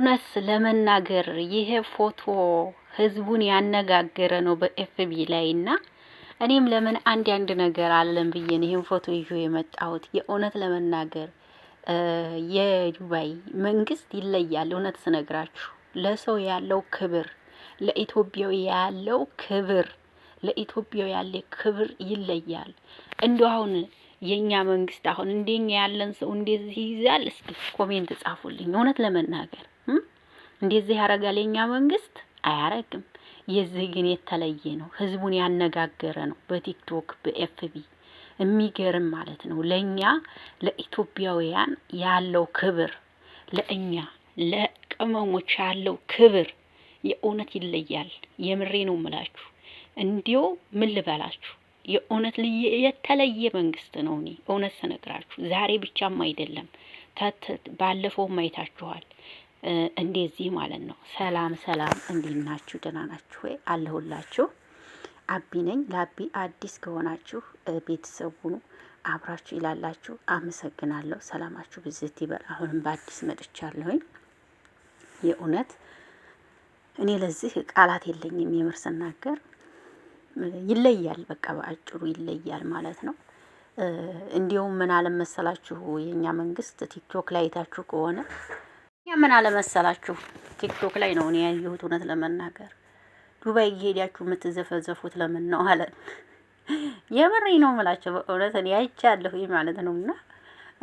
እውነት ለመናገር ይሄ ፎቶ ህዝቡን ያነጋገረ ነው በኤፍቢ ላይ እና እኔም ለምን አንድ አንድ ነገር አለን ብዬን ይህን ፎቶ ይዤ የመጣሁት። የእውነት ለመናገር የዱባይ መንግስት ይለያል። እውነት ስነግራችሁ ለሰው ያለው ክብር፣ ለኢትዮጵያዊ ያለው ክብር፣ ለኢትዮጵያዊ ያለ ክብር ይለያል። እንደ አሁን የእኛ መንግስት አሁን እንደኛ ያለን ሰው እንደዚህ ይዛል እስኪ ኮሜንት ጻፉልኝ። እውነት ለመናገር እንደዚህ ያደርጋል የኛ መንግስት አያረግም። የዚህ ግን የተለየ ነው። ህዝቡን ያነጋገረ ነው። በቲክቶክ በኤፍቢ የሚገርም ማለት ነው። ለእኛ ለኢትዮጵያውያን ያለው ክብር፣ ለእኛ ለቅመሞች ያለው ክብር የእውነት ይለያል። የምሬ ነው ምላችሁ። እንዲሁ ምን ልበላችሁ የእውነት የተለየ መንግስት ነው። እኔ እውነት ስነግራችሁ ዛሬ ብቻም አይደለም፣ ባለፈውም አይታችኋል። እንደዚህ ማለት ነው። ሰላም ሰላም፣ እንዴት ናችሁ? ደህና ናችሁ ወይ? አለሁላችሁ። አቢ ነኝ። ለአቢ አዲስ ከሆናችሁ ቤተሰቡ ነው አብራችሁ ይላላችሁ። አመሰግናለሁ። ሰላማችሁ ብዝት ይበል። አሁንም በአዲስ መጥቻለሁኝ። የእውነት እኔ ለዚህ ቃላት የለኝም። የምር ስናገር ይለያል፣ በቃ በአጭሩ ይለያል ማለት ነው። እንዲሁም ምን አለ መሰላችሁ የእኛ መንግስት ቲክቶክ ላይ አይታችሁ ከሆነ ምን አለመሰላችሁ ቲክቶክ ላይ ነው እኔ ያየሁት። እውነት ለመናገር ዱባይ እየሄዳችሁ የምትዘፈዘፉት ለምን ነው አለ። የምሬ ነው ምላቸው። በእውነት እኔ አይቻለሁ ማለት ነው። እና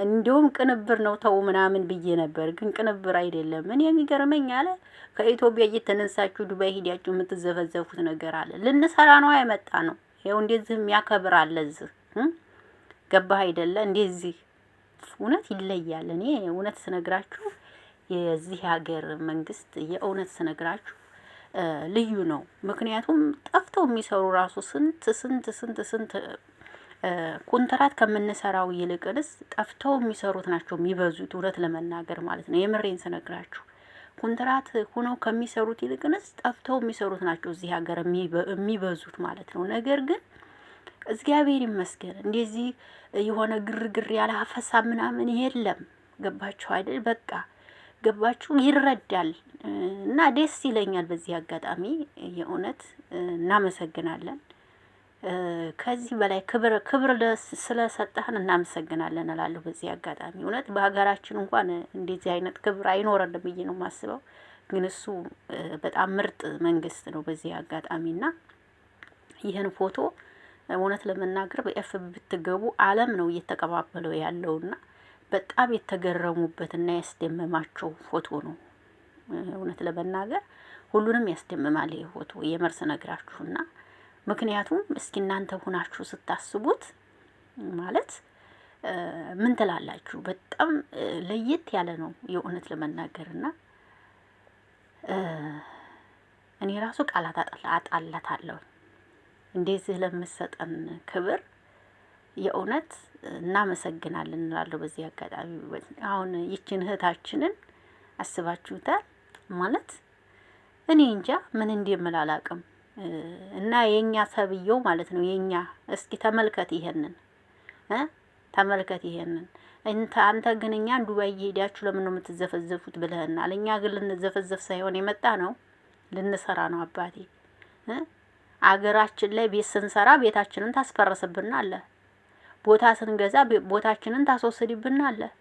እንዲሁም ቅንብር ነው ተው ምናምን ብዬ ነበር፣ ግን ቅንብር አይደለም። እኔ የሚገርመኝ አለ ከኢትዮጵያ እየተነሳችሁ ዱባይ ሄዳችሁ የምትዘፈዘፉት ነገር አለ። ልንሰራ ነው አይመጣ ነው። ይኸው እንደዚህ የሚያከብር አለ እዚህ ገባህ አይደለ? እንደዚህ እውነት ይለያል። እኔ እውነት ስነግራችሁ የዚህ ሀገር መንግስት የእውነት ስነግራችሁ ልዩ ነው። ምክንያቱም ጠፍተው የሚሰሩ ራሱ ስንት ስንት ስንት ስንት ኮንትራት ከምንሰራው ይልቅንስ ጠፍተው የሚሰሩት ናቸው የሚበዙት፣ እውነት ለመናገር ማለት ነው። የምሬን ስነግራችሁ ኮንትራት ሆነው ከሚሰሩት ይልቅንስ ጠፍተው የሚሰሩት ናቸው እዚህ ሀገር የሚበዙት ማለት ነው። ነገር ግን እግዚአብሔር ይመስገን እንደዚህ የሆነ ግርግር ያለ አፈሳ ምናምን የለም። ገባችሁ አይደል? በቃ ገባችሁ? ይረዳል እና ደስ ይለኛል። በዚህ አጋጣሚ የእውነት እናመሰግናለን። ከዚህ በላይ ክብር ክብር ስለሰጠህን እናመሰግናለን እላለሁ። በዚህ አጋጣሚ እውነት በሀገራችን እንኳን እንደዚህ አይነት ክብር አይኖረንም ብዬ ነው የማስበው። ግን እሱ በጣም ምርጥ መንግስት ነው። በዚህ አጋጣሚ እና ይህን ፎቶ እውነት ለመናገር በኤፍ ብትገቡ አለም ነው እየተቀባበለው ያለውና በጣም የተገረሙበትና ያስደመማቸው ፎቶ ነው። እውነት ለመናገር ሁሉንም ያስደምማል ይሄ ፎቶ የመርስ ነግራችሁና፣ ምክንያቱም እስኪ እናንተ ሁናችሁ ስታስቡት ማለት ምን ትላላችሁ? በጣም ለየት ያለ ነው የእውነት ለመናገርና እኔ ራሱ ቃላት አጣላታለሁ እንደዚህ ለምሰጠን ክብር የእውነት እናመሰግናለን እንላለሁ። በዚህ አጋጣሚ አሁን ይችን እህታችንን አስባችሁታል ማለት እኔ እንጃ ምን እንደምል አላውቅም። እና የኛ ሰብየው ማለት ነው የኛ እስኪ ተመልከት፣ ይሄንን ተመልከት፣ ይሄንን አንተ ግን እኛን ዱባይ እየሄዳችሁ ለምን ነው የምትዘፈዘፉት ብለህናል። እኛ ግን ልንዘፈዘፍ ሳይሆን የመጣ ነው ልንሰራ ነው አባቴ። አገራችን ላይ ቤት ስንሰራ ቤታችንን ታስፈረስብናለህ። ቦታ ስንገዛ ቦታችንን ታስወስድብናለህ፣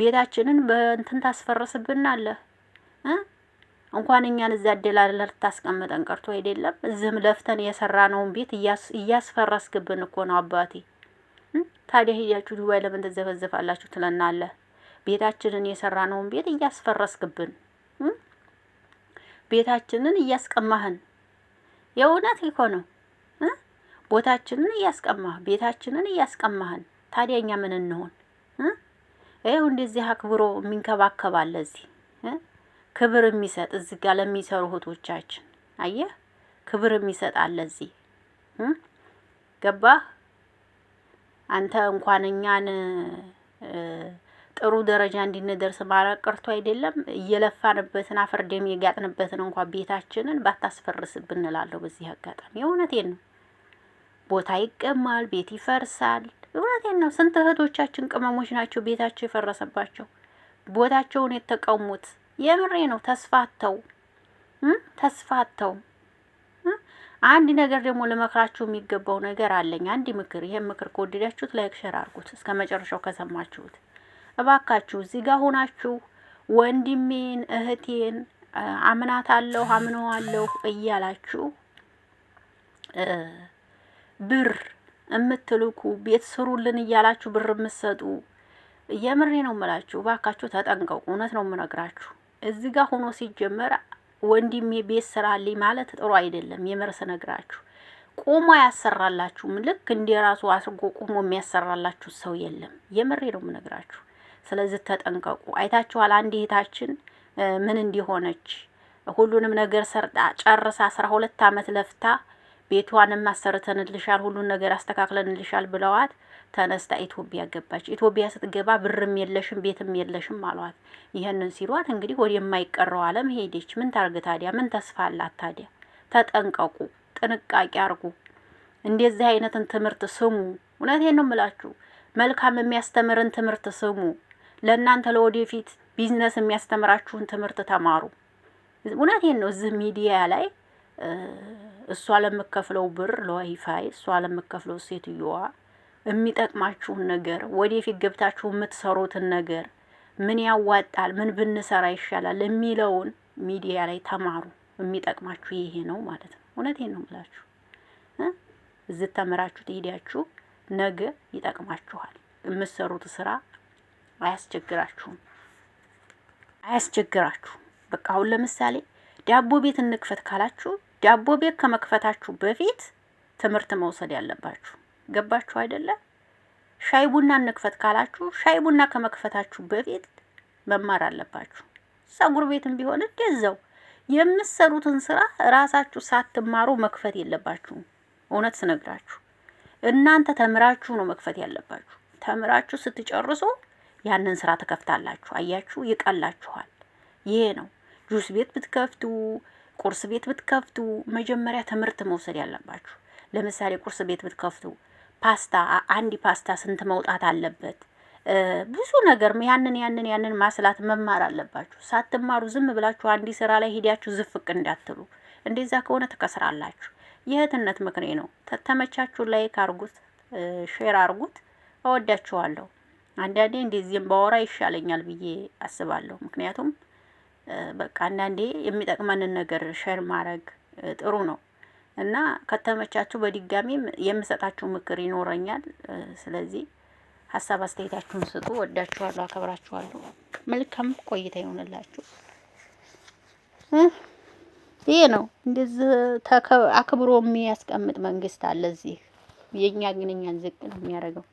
ቤታችንን በእንትን ታስፈርስብናለህ። እንኳን እኛን እዛ አደላላ ልታስቀምጠን ቀርቶ አይደለም እዚህም ለፍተን የሰራነውን ቤት እያስፈረስክብን እኮ ነው አባቴ። ታዲያ ሄዳችሁ ዱባይ ለምን ትዘፈዘፋላችሁ? ትለናለህ። ቤታችንን የሰራነውን ቤት እያስፈረስክብን፣ ቤታችንን እያስቀማህን የእውነት እኮ ነው። ቦታችንን እያስቀማህ ቤታችንን እያስቀማህን፣ ታዲያ እኛ ምን እንሆን? ይኸው እንደዚህ አክብሮ የሚንከባከባል እዚህ ክብር የሚሰጥ እዚህ ጋር ለሚሰሩ እህቶቻችን አየህ፣ ክብር የሚሰጥ አለ እዚህ ገባህ? አንተ እንኳን እኛን ጥሩ ደረጃ እንድንደርስ ማረቅ ቀርቶ አይደለም እየለፋንበትን አፈር ደም የጋጥንበትን እንኳ ቤታችንን ባታስፈርስብን እላለሁ። በዚህ አጋጣሚ እውነቴን ነው። ቦታ ይቀማል፣ ቤት ይፈርሳል። እውነቴን ነው። ስንት እህቶቻችን ቅመሞች ናቸው ቤታቸው የፈረሰባቸው ቦታቸውን የተቀሙት። የምሬ ነው። ተስፋተው ተስፋተው አንድ ነገር ደግሞ ለመክራችሁ የሚገባው ነገር አለኝ። አንድ ምክር፣ ይሄን ምክር ከወደዳችሁት ላይክ ሸር አድርጉት እስከ መጨረሻው ከሰማችሁት። እባካችሁ እዚህ ጋር ሆናችሁ ወንድሜን እህቴን አምናታለሁ አምነዋለሁ እያላችሁ ብር የምትልኩ ቤት ስሩልን እያላችሁ ብር የምትሰጡ የምሬ ነው የምላችሁ። እባካችሁ ተጠንቀቁ። እውነት ነው የምነግራችሁ። እዚህ ጋር ሆኖ ሲጀመር ወንድሜ ቤት ስራልኝ ማለት ጥሩ አይደለም። የመርስ ነግራችሁ ቆሞ አያሰራላችሁም። ልክ እንደ ራሱ አስርጎ ቆሞ የሚያሰራላችሁ ሰው የለም። የምሬ ነው የምነግራችሁ። ስለዚህ ተጠንቀቁ። አይታችኋል አንድ እህታችን ምን እንዲሆነች ሁሉንም ነገር ሰርጣ ጨርሳ አስራ ሁለት አመት ለፍታ ቤቷንም አሰርተንልሻል፣ ሁሉን ነገር አስተካክለንልሻል ብለዋት ተነስታ ኢትዮጵያ ገባች። ኢትዮጵያ ስትገባ ብርም የለሽም ቤትም የለሽም አሏት። ይህንን ሲሏት እንግዲህ ወደ የማይቀረው ዓለም ሄደች። ምን ታርግ ታዲያ? ምን ተስፋ አላት ታዲያ? ተጠንቀቁ፣ ጥንቃቄ አርጉ፣ እንደዚህ አይነትን ትምህርት ስሙ። እውነቴን ነው የምላችሁ፣ መልካም የሚያስተምርን ትምህርት ስሙ። ለእናንተ ለወደፊት ቢዝነስ የሚያስተምራችሁን ትምህርት ተማሩ። እውነቴን ነው እዚህ ሚዲያ ላይ እሷ ለምከፍለው ብር ለዋይፋይ እሷ ለምከፍለው ሴትዮዋ የሚጠቅማችሁን ነገር ወደፊት ገብታችሁ የምትሰሩትን ነገር ምን ያዋጣል፣ ምን ብንሰራ ይሻላል የሚለውን ሚዲያ ላይ ተማሩ። የሚጠቅማችሁ ይሄ ነው ማለት ነው። እውነቴን ነው የምላችሁ። እዚህ ተምራችሁ ትሄዳችሁ፣ ነገ ይጠቅማችኋል። የምትሰሩት ስራ አያስቸግራችሁም፣ አያስቸግራችሁም። በቃ አሁን ለምሳሌ ዳቦ ቤት እንክፈት ካላችሁ ዳቦ ቤት ከመክፈታችሁ በፊት ትምህርት መውሰድ ያለባችሁ ገባችሁ አይደለ? ሻይ ቡና እንክፈት ካላችሁ ሻይ ቡና ከመክፈታችሁ በፊት መማር አለባችሁ። ጸጉር ቤትም ቢሆን እንደዛው የምትሰሩትን ስራ ራሳችሁ ሳትማሩ መክፈት የለባችሁም። እውነት ስነግራችሁ እናንተ ተምራችሁ ነው መክፈት ያለባችሁ። ተምራችሁ ስትጨርሱ ያንን ስራ ትከፍታላችሁ። አያችሁ፣ ይቀላችኋል። ይሄ ነው ጁስ ቤት ብትከፍቱ ቁርስ ቤት ብትከፍቱ መጀመሪያ ትምህርት መውሰድ ያለባችሁ። ለምሳሌ ቁርስ ቤት ብትከፍቱ ፓስታ፣ አንድ ፓስታ ስንት መውጣት አለበት? ብዙ ነገር ያንን ያንን ያንን ማስላት መማር አለባችሁ። ሳትማሩ ዝም ብላችሁ አንዲ ስራ ላይ ሄዳችሁ ዝፍቅ እንዳትሉ። እንደዛ ከሆነ ትከስራላችሁ። የእህትነት ምክሬ ነው። ተመቻችሁ፣ ላይክ አርጉት፣ ሼር አርጉት። እወዳችኋለሁ። አንዳንዴ እንደዚህም በወራ ይሻለኛል ብዬ አስባለሁ። ምክንያቱም በቃ አንዳንዴ የሚጠቅመንን ነገር ሸር ማድረግ ጥሩ ነው። እና ከተመቻችሁ በድጋሚም የምሰጣችሁ ምክር ይኖረኛል። ስለዚህ ሀሳብ አስተያየታችሁን ስጡ። ወዳችኋለሁ፣ አከብራችኋለሁ። መልካም ቆይታ ይሆንላችሁ። ይሄ ነው እንደዚህ አክብሮ የሚያስቀምጥ መንግስት አለ። እዚህ የእኛ ግን እኛን ዝቅ ነው የሚያደርገው።